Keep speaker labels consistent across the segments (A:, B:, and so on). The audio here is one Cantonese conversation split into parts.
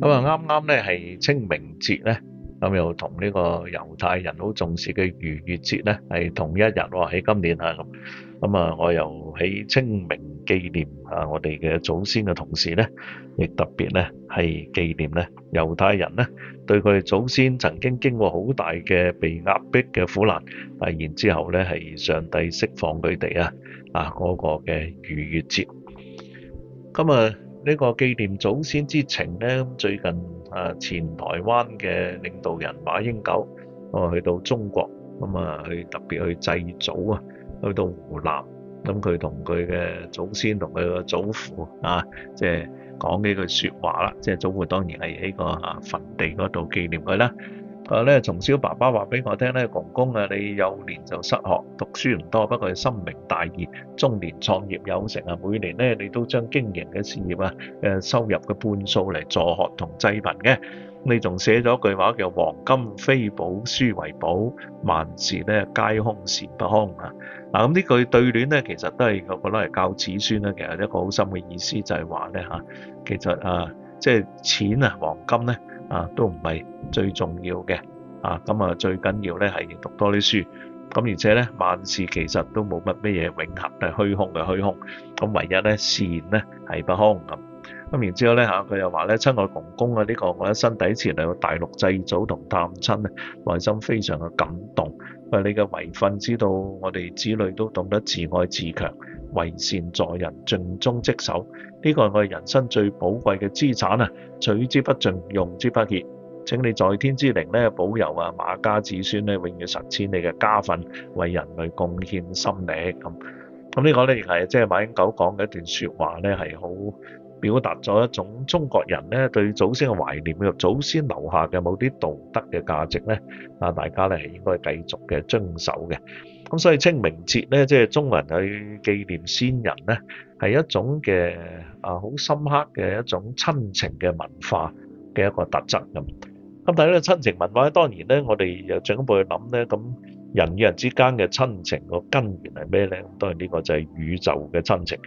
A: 咁啊，啱啱咧係清明節咧，咁又同呢個猶太人好重視嘅逾越節咧，係同一日喎。喺今年啊，咁啊，我由喺清明紀念啊我哋嘅祖先嘅同時咧，亦特別咧係紀念咧猶太人咧，對佢哋祖先曾經經過好大嘅被壓迫嘅苦難，但係然之後咧係上帝釋放佢哋啊啊嗰個嘅逾越節。咁啊～呢、這個紀念祖先之情咧，最近啊，前台灣嘅領導人馬英九，哦去到中國咁啊，去特別去祭祖啊，去到湖南咁，佢同佢嘅祖先同佢嘅祖父啊，即係講幾句説話啦，即係祖父當然係喺個啊墳地嗰度紀念佢啦。啊咧！從小爸爸話俾我聽咧，公公啊，你幼年就失學，讀書唔多，不過心明大義，中年創業有成啊！每年咧，你都將經營嘅事業啊，誒收入嘅半數嚟助學同濟品。嘅濟貧嘅。你仲寫咗一句話叫「黃金非寶，書為寶」，萬事咧皆空，善不空啊！嗱，咁呢句對聯咧，其實都係我覺得係教子孫咧，其實一個好深嘅意思就、啊，就係話咧嚇，其實啊，即係錢啊，黃金咧。啊，都唔係最重要嘅啊，咁啊最緊要咧係要讀多啲書。咁而且咧，萬事其實都冇乜咩嘢永恆，係虛空嘅虛空。咁唯一咧善咧係不空咁。咁然之後咧佢又話咧親愛公公啊，呢、這個我一生底前嚟到大陸祭祖同探親咧，內心非常嘅感動。喂，你嘅遺訓知道，我哋子女都懂得自愛自強。為善助人，盡忠職守，呢個係我哋人生最寶貴嘅資產啊！取之不盡，用之不竭。請你在天之靈咧，保佑啊馬家子孫咧，永遠實踐你嘅家訓，為人類貢獻心力咁。咁、嗯、呢、嗯這個咧，亦係即係馬英九講嘅一段說話咧，係好表達咗一種中國人咧對祖先嘅懷念嘅祖先留下嘅某啲道德嘅價值咧，啊大家咧係應該繼續嘅遵守嘅。咁所以清明節咧，即係中文去紀念先人咧，係一種嘅啊，好深刻嘅一種親情嘅文化嘅一個特質咁。咁但係呢個親情文化咧，當然咧，我哋又進一步去諗咧，咁人與人之間嘅親情個根源係咩咧？當然呢個就係宇宙嘅親情。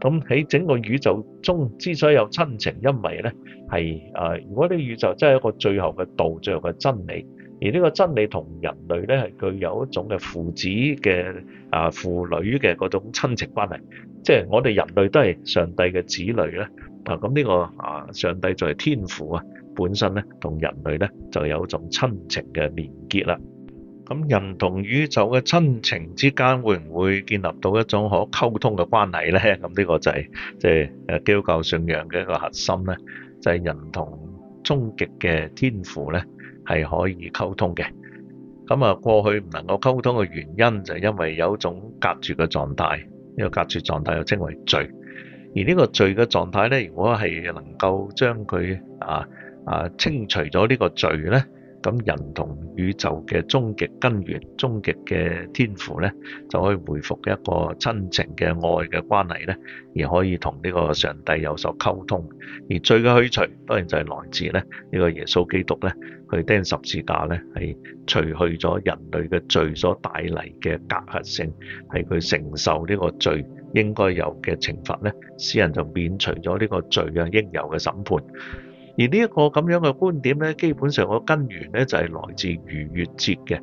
A: 咁喺整個宇宙中之所以有親情，因為咧係啊，如果呢個宇宙真係一個最後嘅道、最後嘅真理。而呢個真理同人類咧，係具有一種嘅父子嘅啊父女嘅嗰種親情關係，即係我哋人類都係上帝嘅子女咧。嗱咁呢個啊上帝作為天父啊，本身咧同人類咧就有一種親情嘅連結啦。咁人同宇宙嘅親情之間會唔會建立到一種可溝通嘅關係咧？咁呢個就係即係基督教信仰嘅一個核心咧，就係人同終極嘅天父咧。係可以溝通嘅，咁啊過去唔能夠溝通嘅原因就係因為有一種隔絕嘅狀態，呢個隔絕狀態又稱為罪，而呢個罪嘅狀態咧，如果係能夠將佢啊啊清除咗呢個罪咧。咁人同宇宙嘅終極根源、終極嘅天父呢，就可以回復一個親情嘅愛嘅關係呢，而可以同呢個上帝有所溝通。而罪嘅去除，當然就係來自呢呢個耶穌基督呢，佢釘十字架呢，係除去咗人類嘅罪所帶嚟嘅隔閡性，係佢承受呢個罪應該有嘅懲罰呢。私人就免除咗呢個罪嘅應有嘅審判。而呢一個咁樣嘅觀點咧，基本上個根源咧就係來自逾越節嘅。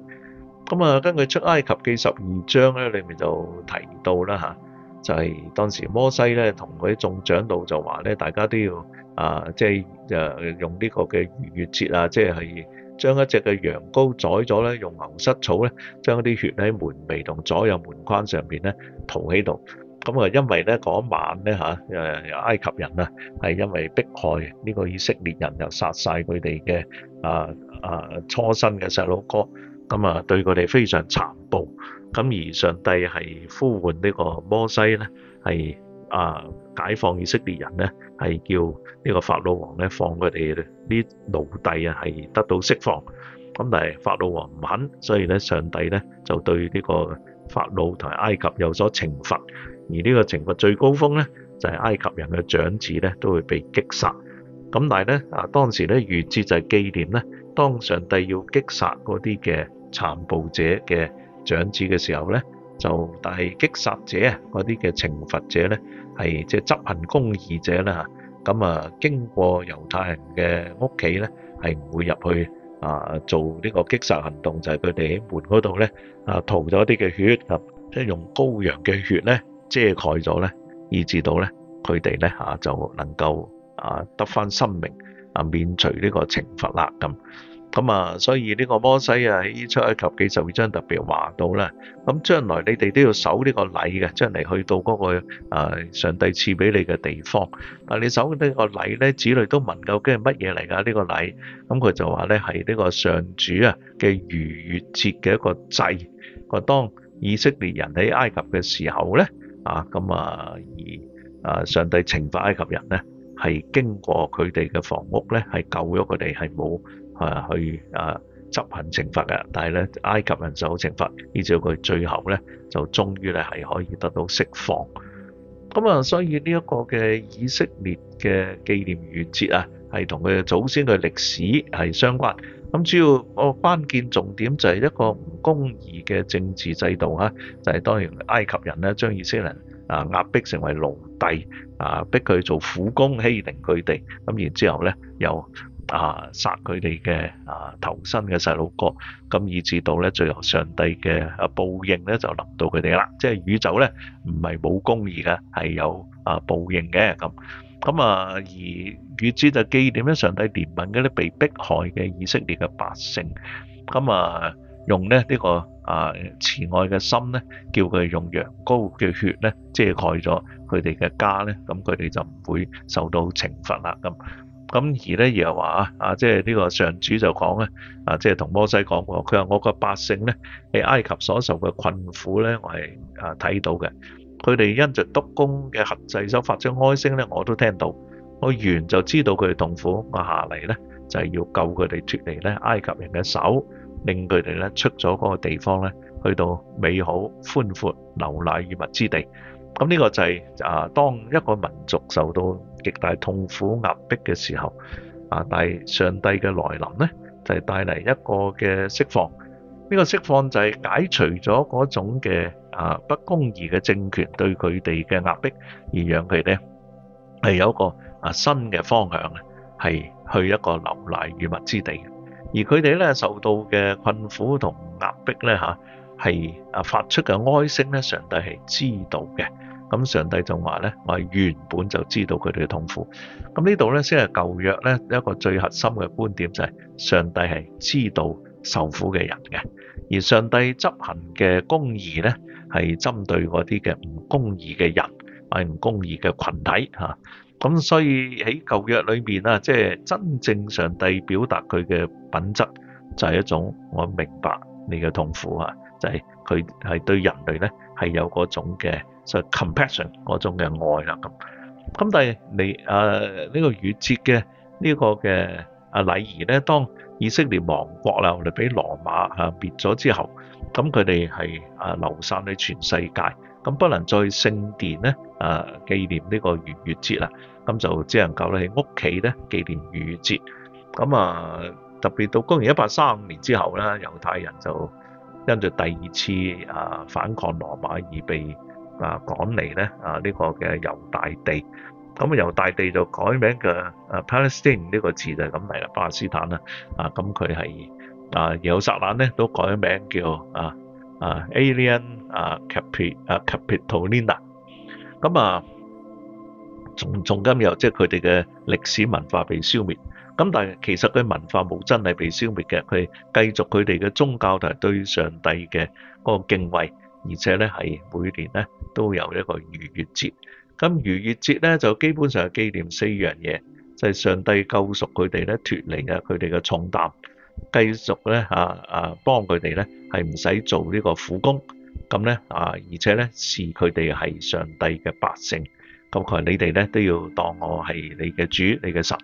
A: 咁啊，根據出埃及記十二章咧，裏面就提到啦嚇，就係當時摩西咧同佢啲眾長老就話咧，大家都要啊，即係誒用呢個嘅逾越節啊，即係係將一隻嘅羊羔宰咗咧，用牛膝草咧，將啲血喺門楣同左右門框上邊咧塗喺度。咁啊，因為咧嗰晚咧嚇，誒埃及人啊，係因為迫害呢個以色列人，又殺曬佢哋嘅啊啊初生嘅細佬哥，咁啊對佢哋非常殘暴。咁而上帝係呼喚呢個摩西咧，係啊解放以色列人咧，係叫呢個法老王咧放佢哋啲奴隸啊，係得到釋放。咁但係法老王唔肯，所以咧上帝咧就對呢個法老同埋埃及有所懲罰。而呢個懲罰最高峰咧，就係埃及人嘅長子咧都會被擊殺。咁但係咧啊，當時咧預知就係紀念咧，當上帝要擊殺嗰啲嘅殘暴者嘅長子嘅時候咧，就但係擊殺者啊嗰啲嘅懲罰者咧，係即係執行公義者啦吓咁啊，經過猶太人嘅屋企咧，係唔會入去啊做呢個擊殺行動，就係佢哋喺門嗰度咧啊塗咗啲嘅血，啊、即係用羔羊嘅血咧。遮蓋咗咧，以至到咧佢哋咧嚇就能夠啊得返生命啊，免除呢個懲罰啦，咁咁啊，所以呢個摩西啊喺出埃及記十二章特別話到咧，咁將來你哋都要守呢個禮嘅，將嚟去到嗰個上帝賜俾你嘅地方，但係你守呢個禮咧，子女都問究竟係乜嘢嚟㗎呢個禮？咁佢就話咧，係呢個上主啊嘅逾越節嘅一個祭。個當以色列人喺埃及嘅時候咧。啊，咁啊，而啊，上帝懲罰埃及人咧，係經過佢哋嘅房屋咧，係救咗佢哋，係冇、啊、去啊執行懲罰嘅。但係咧，埃及人受到懲罰，以至佢最後咧，就終於咧係可以得到釋放。咁啊，所以呢一個嘅以色列嘅紀念逾越節啊，係同佢祖先嘅歷史係相關。咁主要個、哦、關鍵重點就係一個唔公義嘅政治制度啊，就係、是、當然埃及人呢將以色列人啊壓迫成為奴隸啊，逼佢做苦工，欺凌佢哋，咁然之後呢，又啊殺佢哋嘅啊頭生嘅細路哥，咁以至到呢最後上帝嘅啊報應呢就臨到佢哋啦，即係宇宙呢，唔係冇公義嘅，係有啊報應嘅咁。咁啊，逾越節就紀念咧，上帝憐憫嗰啲被迫害嘅以色列嘅百姓，咁啊，用咧呢、呢個啊、呃、慈愛嘅心咧，叫佢用羊羔嘅血咧遮蓋咗佢哋嘅家咧，咁佢哋就唔會受到懲罰啦。咁咁而咧又話啊即係呢個上主就講咧啊，即係同摩西講過，佢話我個百姓咧喺埃及所受嘅困苦咧，我係啊睇到嘅。佢哋因着督工嘅合制所發出哀聲咧，我都聽到。我完就知道佢哋痛苦。我下嚟咧就係、是、要救佢哋脫離埃及人嘅手，令佢哋咧出咗嗰個地方咧，去到美好寬闊流奶與蜜之地。咁呢個就係、是、啊，當一個民族受到極大痛苦壓迫嘅時候，啊，但係上帝嘅來臨咧，就係帶嚟一個嘅釋放。呢、這個釋放就係解除咗嗰種嘅啊不公義嘅政權對佢哋嘅壓迫，而讓佢哋咧係有一個啊新嘅方向，係去一個流奶與蜜之地。而佢哋咧受到嘅困苦同壓迫咧嚇係啊發出嘅哀聲咧，上帝係知道嘅。咁上帝就話咧：我係原本就知道佢哋嘅痛苦。咁呢度咧先係舊約咧一個最核心嘅觀點，就係、是、上帝係知道受苦嘅人嘅，而上帝執行嘅公義咧，係針對嗰啲嘅唔公義嘅人，係唔公義嘅群體嚇。咁、啊、所以喺舊約裏面啊，即、就、係、是、真正上帝表達佢嘅品質，就係、是、一種我明白你嘅痛苦啊，就係佢係對人類咧係有嗰種嘅，所謂是 compassion 嗰種嘅愛啦咁。咁、啊、但係你啊呢、這個逾越節嘅呢、這個嘅。啊！例如咧，當以色列亡國啦，我哋俾羅馬啊滅咗之後，咁佢哋係啊流散喺全世界，咁不能再聖殿咧啊紀念呢個逾越節啦，咁就只能夠喺屋企咧紀念逾越節。咁啊，特別到公元一三五年之後咧，猶太人就因著第二次啊反抗羅馬而被啊趕離咧啊呢個嘅猶大地。咁由大地就改名嘅啊，Palestine 呢個字就係咁嚟啦，巴勒斯坦啦。啊，咁佢係啊，耶路撒冷咧都改名叫啊啊，Alien 啊，Capit 啊，Capitolina。咁啊，從、啊、重今日即係佢哋嘅歷史文化被消滅。咁但係其實佢文化冇真係被消滅嘅，佢繼續佢哋嘅宗教就埋、係、對上帝嘅嗰個敬畏，而且咧係每年咧都有一個逾越節。咁逾越節咧就基本上係紀念四樣嘢，就係、是、上帝救贖佢哋咧，脫離啊佢哋嘅重擔，繼續咧啊幫佢哋咧係唔使做呢個苦工，咁咧啊而且咧視佢哋係上帝嘅百姓，咁佢話你哋咧都要當我係你嘅主，你嘅神，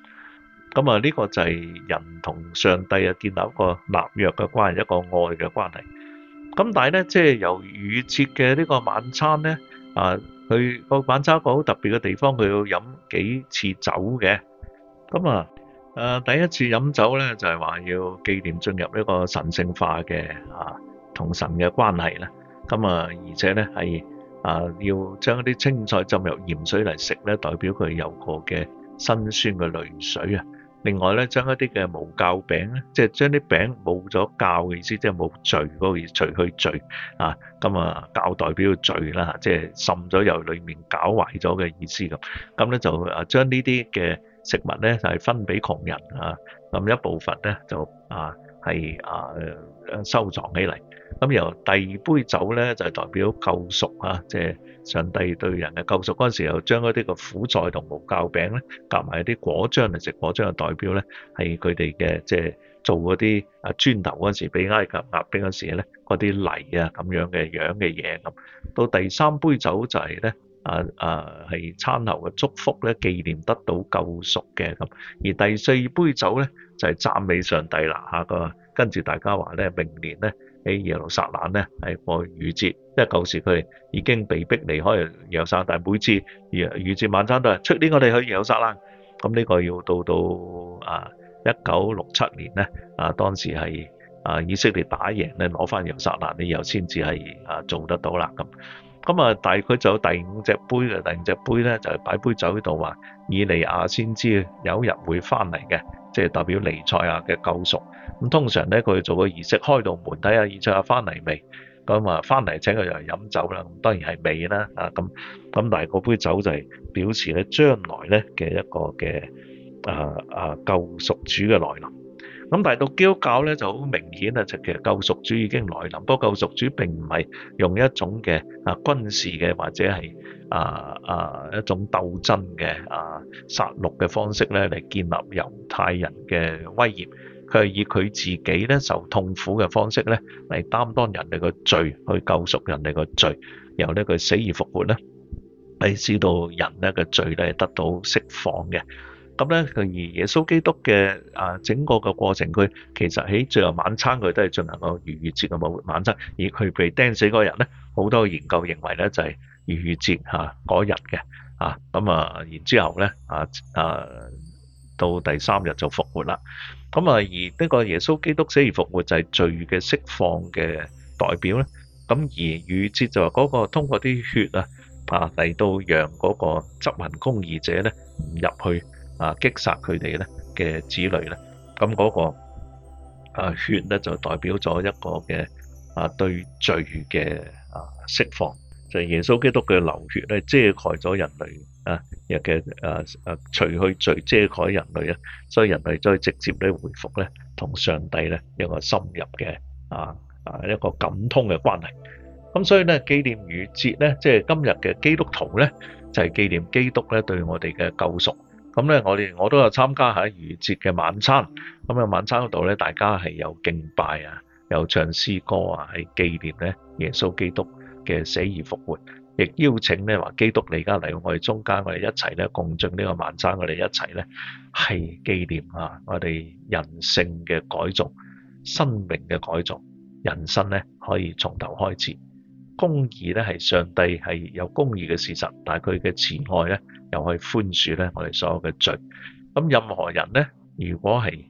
A: 咁啊呢個就係人同上帝啊建立一個立約嘅關係，一個愛嘅關係。咁但係咧即係由逾越節嘅呢個晚餐咧啊。佢個晚餐個好特別嘅地方，佢要飲幾次酒嘅。咁啊，誒第一次飲酒咧，就係話要紀念進入呢個神聖化嘅啊，同神嘅關係啦。咁啊，而且咧係啊，要將啲青菜浸入鹽水嚟食咧，代表佢有個嘅辛酸嘅淚水啊。另外咧，將一啲嘅無酵餅咧，即係將啲餅冇咗酵嘅意思，即係冇罪嗰個意，除去罪啊，咁啊，酵代表罪啦嚇，即係滲咗由裏面搞壞咗嘅意思咁。咁咧就啊，將呢啲嘅食物咧就係分俾窮人啊，咁一部分咧就啊係啊收藏起嚟。咁由第二杯酒咧，就係、代表救贖啊！即係上帝對人嘅救贖嗰陣時，又將啲個苦菜同無酵餅咧，夾埋啲果醬嚟食。果醬嘅代表咧，係佢哋嘅即係做嗰啲啊磚頭嗰陣時，被埃及壓迫嗰陣時咧，嗰啲泥啊咁樣嘅樣嘅嘢咁。到第三杯酒就係咧啊啊，係、啊、餐後嘅祝福咧，紀念得到救贖嘅咁。而第四杯酒咧，就係讚美上帝啦嚇個。跟住大家話咧，明年咧。喺耶路撒冷咧，係過逾節，因為舊時佢哋已經被逼離開耶路撒冷，但係每次逾逾節晚餐都係出年我哋去耶路撒冷。咁呢個要到到啊一九六七年咧，啊 ,1967 年呢啊當時係啊以色列打贏咧，攞翻耶路撒冷你又先至係啊做得到啦咁。咁啊，但係佢就有第五隻杯嘅，第五隻杯咧就係、是、擺杯酒喺度話以利亞先知有一日會翻嚟嘅，即係代表彌賽亞嘅救贖。咁通常咧，佢做個儀式，開到門睇下義菜阿返嚟未？咁啊，返嚟請佢入嚟飲酒啦。咁當然係未啦，啊咁咁，但係嗰杯酒就係表示咧將來咧嘅一個嘅啊啊救贖主嘅來臨。咁但係到基督教咧就好明顯啦，就其實救贖主已經來臨。不過救贖主並唔係用一種嘅啊軍事嘅或者係啊啊一種鬥爭嘅啊殺戮嘅方式咧嚟建立猶太人嘅威嚴。佢係以佢自己咧受痛苦嘅方式咧，嚟擔當人哋嘅罪，去救贖人哋嘅罪。然後咧佢死而復活咧，係知道人咧嘅罪咧得到釋放嘅。咁咧佢而耶穌基督嘅啊整個嘅過程，佢其實喺最後晚餐佢都係進行個逾越節嘅復活晚餐。而佢被釘死嗰日咧，好多研究認為咧就係逾越節嚇嗰日嘅啊。咁啊，然之後咧啊啊，到第三日就復活啦。咁啊，而呢個耶穌基督死而復活就係罪嘅釋放嘅代表咧。咁而逾越，就話嗰個通過啲血啊啊嚟到讓嗰個執行公義者咧唔入去啊擊殺佢哋咧嘅子女。咧。咁嗰個啊血咧就代表咗一個嘅啊對罪嘅啊釋放。就係、是、耶穌基督嘅流血咧，遮蓋咗人類啊嘅啊啊，除去罪，遮蓋人類啊，所以人類可以直接咧回復咧，同上帝咧一個深入嘅啊啊一個感通嘅關係。咁所以咧紀念逾節咧，即係今日嘅基督徒咧，就係、是、紀念基督咧對我哋嘅救贖。咁咧我哋我都有參加喺逾節嘅晚餐。咁啊晚餐嗰度咧，大家係有敬拜啊，有唱詩歌啊，係紀念咧耶穌基督。嘅死而復活，亦邀請咧話基督嚟家嚟我哋中間，我哋一齊咧共進呢個晚餐，我哋一齊咧係紀念啊！我哋人性嘅改造、生命嘅改造、人生咧可以從頭開始。公義咧係上帝係有公義嘅事實，但係佢嘅慈愛咧又可以寬恕咧我哋所有嘅罪。咁任何人咧，如果係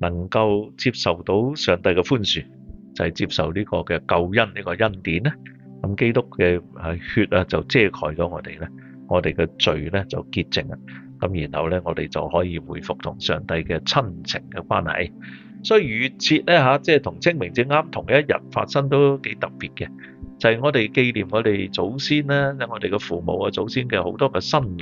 A: 能夠接受到上帝嘅寬恕，就係接受呢個嘅救恩呢個恩典咧。咁基督嘅血啊，就遮蓋咗我哋咧，我哋嘅罪咧就潔淨啊。咁然後咧，我哋就可以回復同上帝嘅親情嘅關係。所以逾越節咧嚇即係同清明節啱同一日發生都幾特別嘅，就係、是、我哋紀念我哋祖先啦，我哋嘅父母啊、祖先嘅好多嘅先人，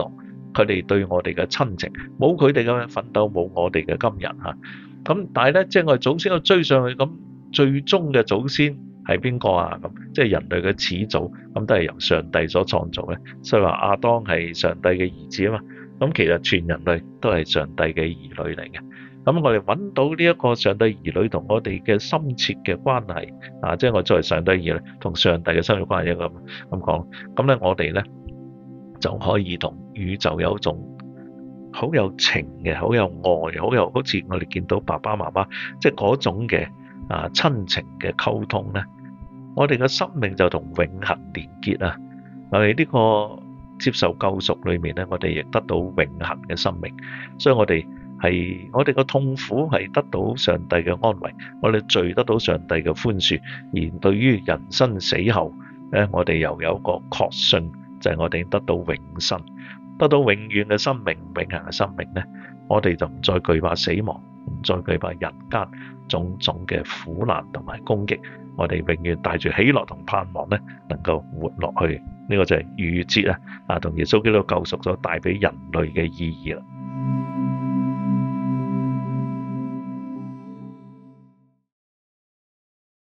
A: 佢哋對我哋嘅親情，冇佢哋嘅奮鬥，冇我哋嘅今日嚇。咁但係咧，即係我哋祖先我追上去咁最終嘅祖先。係邊個啊？咁即係人類嘅始祖，咁都係由上帝所創造嘅。所以話亞當係上帝嘅兒子啊嘛。咁其實全人類都係上帝嘅兒女嚟嘅。咁我哋揾到呢一個上帝兒女同我哋嘅深切嘅關係啊，即係我作為上帝兒女同上帝嘅深切關係咁咁講。咁咧我哋咧就可以同宇宙有一種好有情嘅、好有愛嘅、好有好似我哋見到爸爸媽媽即係嗰種嘅。啊，親情嘅溝通咧，我哋嘅生命就同永恒連結啊！喺呢個接受救贖裏面咧，我哋亦得到永恒嘅生命，所以我哋係我哋嘅痛苦係得到上帝嘅安慰，我哋罪得到上帝嘅寬恕，而對於人生死後咧，我哋又有一個確信，就係、是、我哋得到永生，得到永遠嘅生命、永恒嘅生命咧，我哋就唔再懼怕死亡。唔再懼怕人間種種嘅苦難同埋攻擊，我哋永遠帶住喜樂同盼望呢能夠活落去。呢、這個就係逾越節啊，啊，同耶穌基督救贖所帶俾人類嘅意義啦。